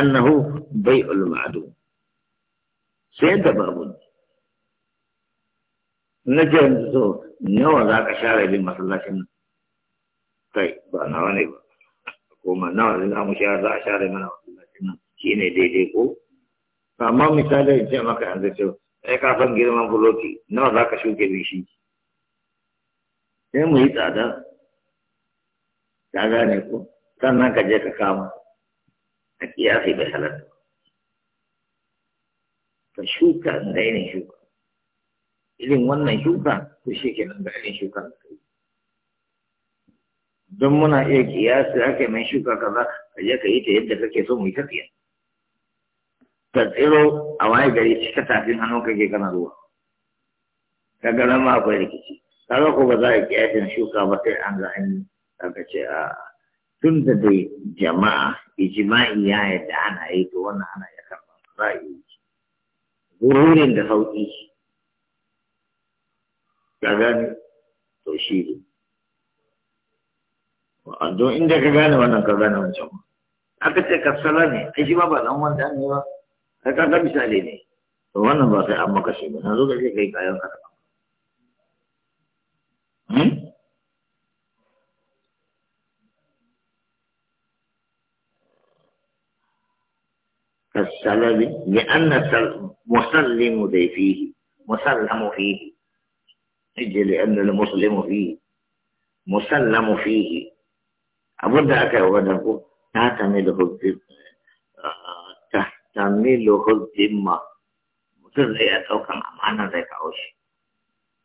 أنه بيع المعدوم سيد بابون نجم نزو نوى ذاك شارع لمسلسل طيب بأنا واني بأ kuma nawa ne za mu share za a share mana masallacin nan shi ne daidai ko amma misali in ce ka yanzu ce ai ka san girman buloki nawa za ka shuke bishi sai mu yi tsada Daga ne ko sannan ka je ka kama a kiyasi bai halatta ka shuka da irin shuka irin wannan shuka to shi nan da irin shuka da kai don muna iya kiyasi ake mai shuka kaza ka je ka yi ta yadda kake so mu yi tafiya ka tsiro a waye gari ka tafin hannu kake kana ruwa ka gara ma akwai rikici kaga ko ba za a kiyasin shuka ba sai an ga an yi ka ce a tun da dai jama'a ijma'i ya yadda ana yi to wannan ana ya karɓa ra'ayi wurin da sauƙi ka gane to shi ne don inda ka gane wannan ka gane wancan aka ce sala ne ai shi ba ba dan wanda ne ba ai ka ga misali ne to wannan ba sai an maka shi ba na zo ga ce kai kayan ka السلام لأن مسلم ذي فيه مسلم فيه إجي لأن المسلم فيه مسلم فيه أبدا أكبر تعتمله الذمة تعتمله الذمة مثل أي أتوقع معنا ذلك أوش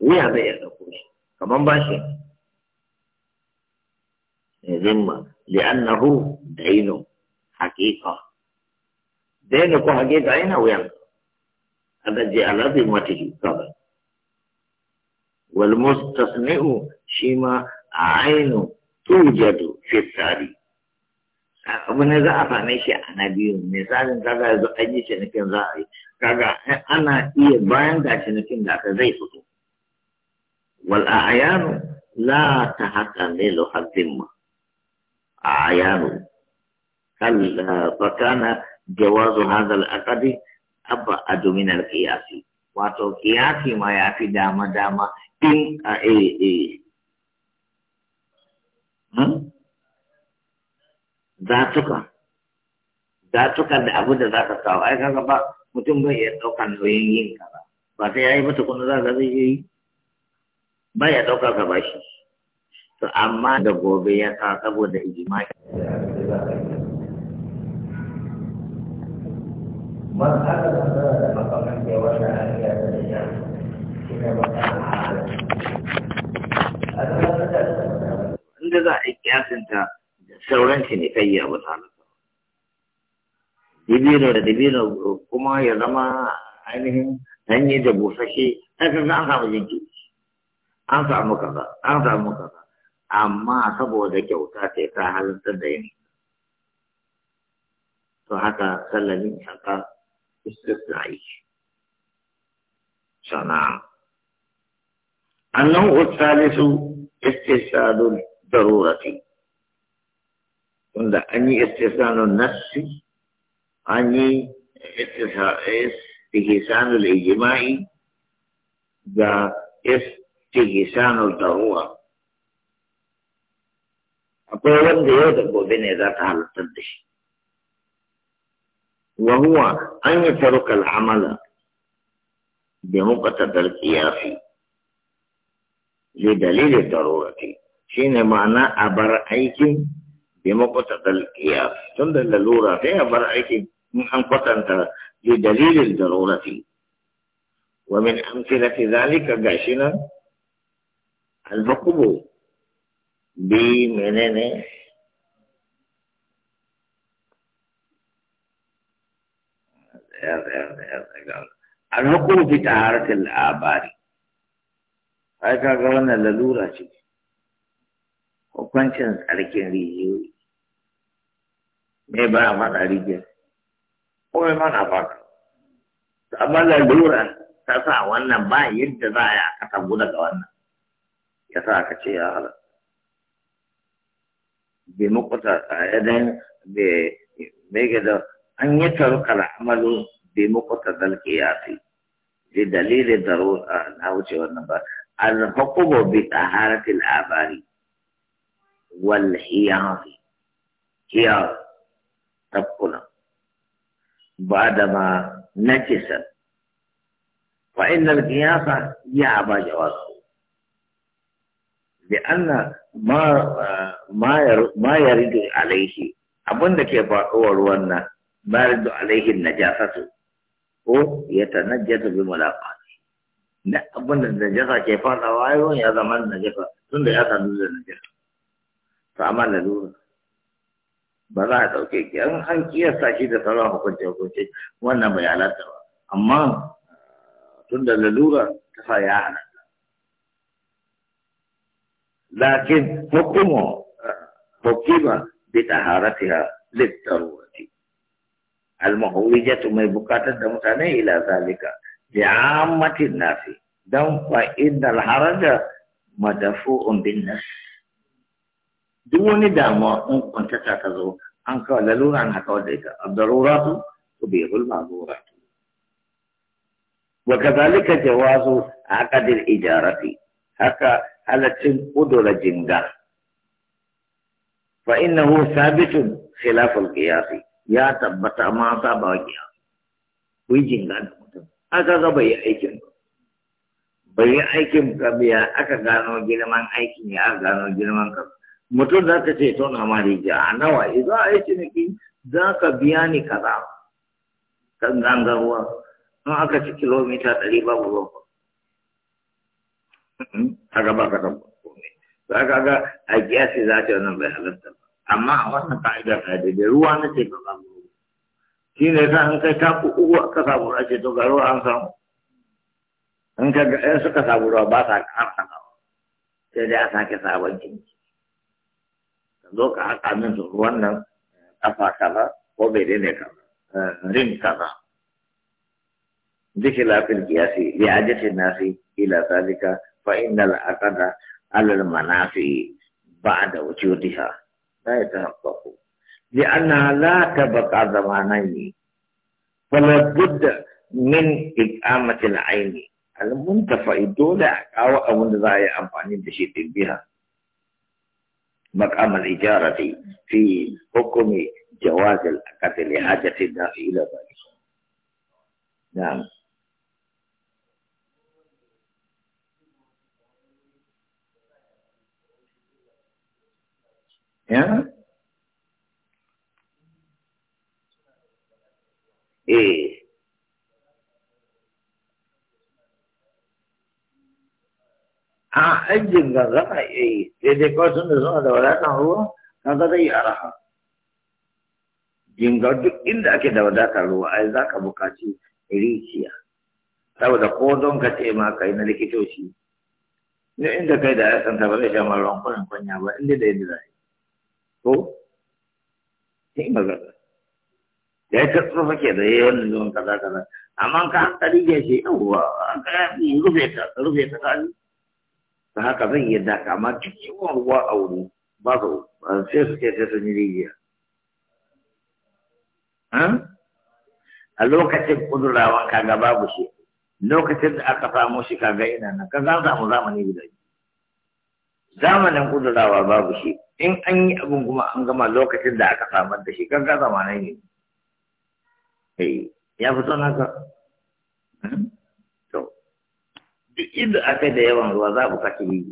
ويا ذي أتوقع كمان باشي ذمة لأنه دينه حقيقة da ya nufi hakika yana wuyan haka je alafin wata shi kawai wal mustasni'u shi ma a ainu tujadu fitari. tsari abu ne za a same shi biyu misalin kaga yanzu an cinikin za a kaga ana iya bayan ga cinikin da aka zai fito wal a'yanu la ta haka ne lo hazzimma kallafakana. fakana جواز هذا Abba أبعد من القياس wato kiyasi ma ya fi dama-dama in a ee zatuka zatuka da abu da za ka kawo ai kaga ba mutum bai ya ɗaukar nauyin yin ka ba ba sai ya yi mata kuma za ka zai yi ba ya ɗauka ka ba shi to amma da gobe ya ka saboda ijimai من هذا مثلا فقط من جواز أن يتجاوز إلى مكان عالم هذا لا تجاوز عند nasa dibino da dibino kuma ya zama ainihin danye da busashe ɗansa za an samu jinki an samu kaza an samu kaza amma saboda kyauta ce ta halittar da yin to haka sallami haka استثنائي صنع النوع الثالث استثناء الضرورة عند أني استثناء النفس أني استثناء الإجماع ذا استثناء الضرورة أقول لك ديوتك وبيني بوبين إذا تحلت وهو أن يترك العمل بمقتضى القياس لدليل الضرورة شين معنى أبر أيك بمقتضى القياس تند اللورة في أبر أيك من قطنت لدليل الضرورة ومن أمثلة ذلك قاشنا الحكم بمنين alhukum fi taharatil abari ai kaga wannan lalura ce hukuncin tsarkin rijiyoyi a faɗa rijiyar kome mana lalura ta sa wannan ba yadda za yi a daga wannan ya sa aka ce ya a an yi taruka al'amalu bi muqta ya fi. bi dalilin darura na wuce wannan ba al hukumu bi harafin labari wal hiyari hiyar tabkuna ba da ma najisar فإن ya يعبى جوازه bi ما ما ma ma عليه alaihi Abinda ke faɗuwar wannan Bari بارد عليه النجاسة ko ya tanajjata bi mulaqati na abin da najasa ke fada wayo ya zama najasa tunda ya sanu da najasa to amma lalura ba za a ɗauke ki an an sa shi da sauran hukunci hukunci wannan bai halatta ba amma tunda lalura ta sa ya halatta lakin hukumu hukuma bi ta taharatiha lit darurati المهوجة ما بكات الدمتان إلى ذلك لعامة الناس دم فإن الحرج مدفوع بالنفس دون دام إن كنت تعتذر عنك للون عنك وديك الضرورات تبيغ المعذورات وكذلك جواز عقد الإجارة هكا على قدر جنگا فإنه ثابت خلاف القياس ya tabbata ma ba wakiya ku yi jinga da mutum aka ga bai yi aikin bai yi aikin ka biya aka gano girman aikin ya aka gano girman ka mutum za ka ce tona ma rijiya a nawa idan eh, a yi ciniki za ka biya ni kaza kan gangarwa in aka ci kilomita ɗari babu ruwan a gaba ka tabbata za ka ga a kiyasi za ta yi wannan bai halatta ba amma a wannan ka'idar da da ruwa na ce ba ba shi ne sa an kai kafu uku aka samu ruwa ce to ga ruwa an samu in ka ga ɗaya suka samu ruwa ba sa ƙara sanawa sai dai a sake sabon jinki ka zo ka haka min su ruwan nan eh, ƙafa kaza ko bai daina kaza eh, rin kaza ذكر في القياس لعادة الناس إلى ذلك فإن العقد على المنافع بعد وجودها ta yi ta nafafo bi an za ta baka zama na yi min ƙiƙa mace na aini alamun ta dole a kawo abin da za a yi amfani da shi ɗin biya makamar ijara ta yi fi koko mai jawazin a ƙasa ne a na ila ba Eh. A aikin gangan a iya yi, sai dai kawai sun da suna da wadatan ruwa, kan ga zai yi araha. Jingar duk inda ake da wadatar ruwa, ai za ka buƙaci rikiya. Saboda ko don ka ce ma kai na likitoci, ne inda kai da ya santa ba zai sha ma ruwan kwanan kwanya ba, inda da yadda za ko sai magana ya yi karfi fake da ya yi wannan zuwan kaza kaza amma ka an tsari ya ce yawwa an kaya fi rufe ta rufe ta tsari ta haka zan iya daka amma duk wa ruwa a wuri ba su sai su ce sai sun yi rijiya a lokacin ka kaga babu shi lokacin da aka samu shi ga ina nan ka za samu zamani guda zamanin kudurawa babu shi in an yi abin kuma an gama lokacin da aka samar da shi kan gaza mana ne eh, ya fi son haka hmm? duk inda aka da yawan ruwa za a bukaci yi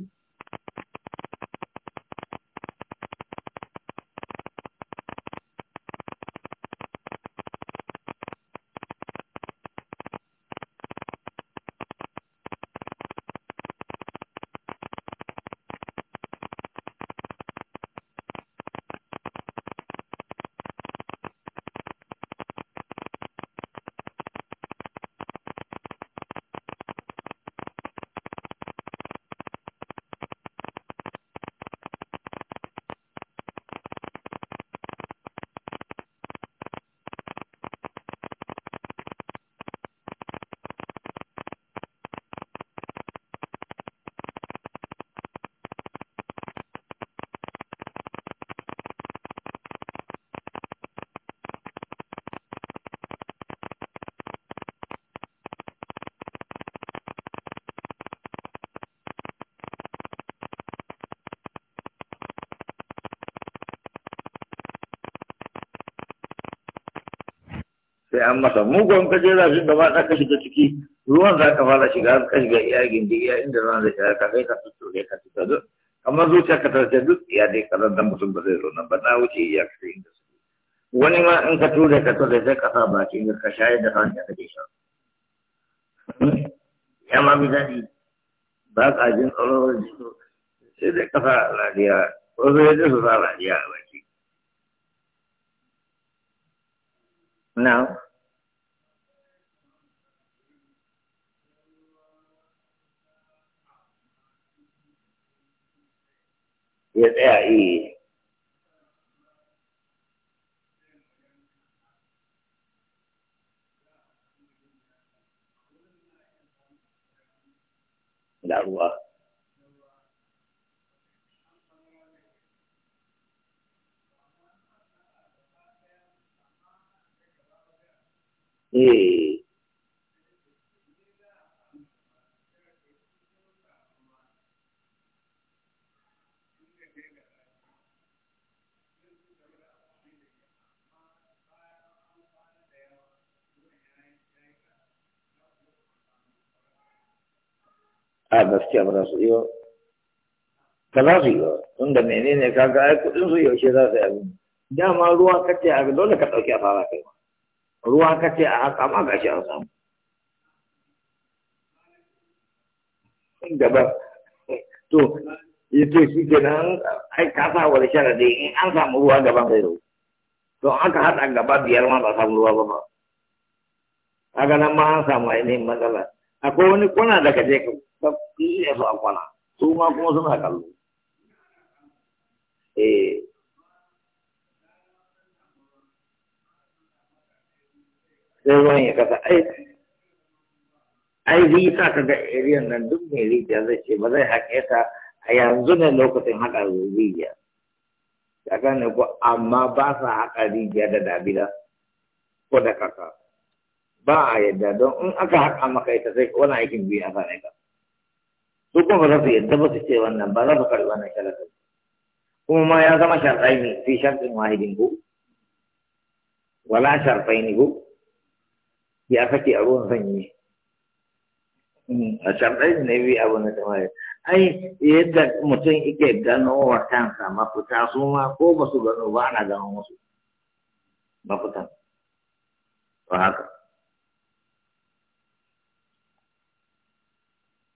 sai an masa mugun ka je zafin gaba ta ka shiga ciki ruwan za ka fara shiga ka shiga iya gindi iya inda zan zai shiga ka kai ka ne ka tuka da amma zuciya ka tarce duk iya dai ka zan mutum ba zai zo nan ba na wuce iya ka sai inda su wani ma in ka tura ka tura sai ka sa baki ka shayar da kan ka kake sha ya ma bi daɗi ba ka jin tsoro sai dai ka sa radiya ko ya ji su sa radiya ba No. Ya tsaya iya. Da ruwa. eh a ah, gaskiya ba za su iya ba za su iya tunda menene ga ai kudin su yaushe za su yi abin dama ruwa kacce a dole ka ɗauki a fara kai ma ruwa ce a haka ma gashi an samu gaba to yato shi kenan ai ka sa wani sharadi in an samu ruwa gaban zai zo don aka haɗa gaba biyar ma ba samu ruwa ba ba kaga nan ma an samu ainihin matsala akwai wani kwana da kaje ka iya su a kwana su ma kuma suna kallo eh sai ruwan ya kasa ai ai zai sa ka ga iriyan nan duk mai rijiya zai ce ba zai haƙe ta a yanzu ne lokacin haƙa rijiya ya gane ko amma ba sa haƙa rijiya da dabila ko da kaka ba a yadda don in aka haƙa maka ita sai wani aikin biyu a sane ka su kuma za su yadda ba su ce wannan ba za su karɓi wannan sharaɗin kuma ma ya zama sharɗai ne fi sharɗin wahidin ko wala sharɗai ne ko ya sake a ruwan sanyi mm-hmm. a sharɗai ne bi abu na tamaye ai yadda mutum yake gano wa kansa mafita su ma ko ba su gano ba ana gano musu mafitan ba haka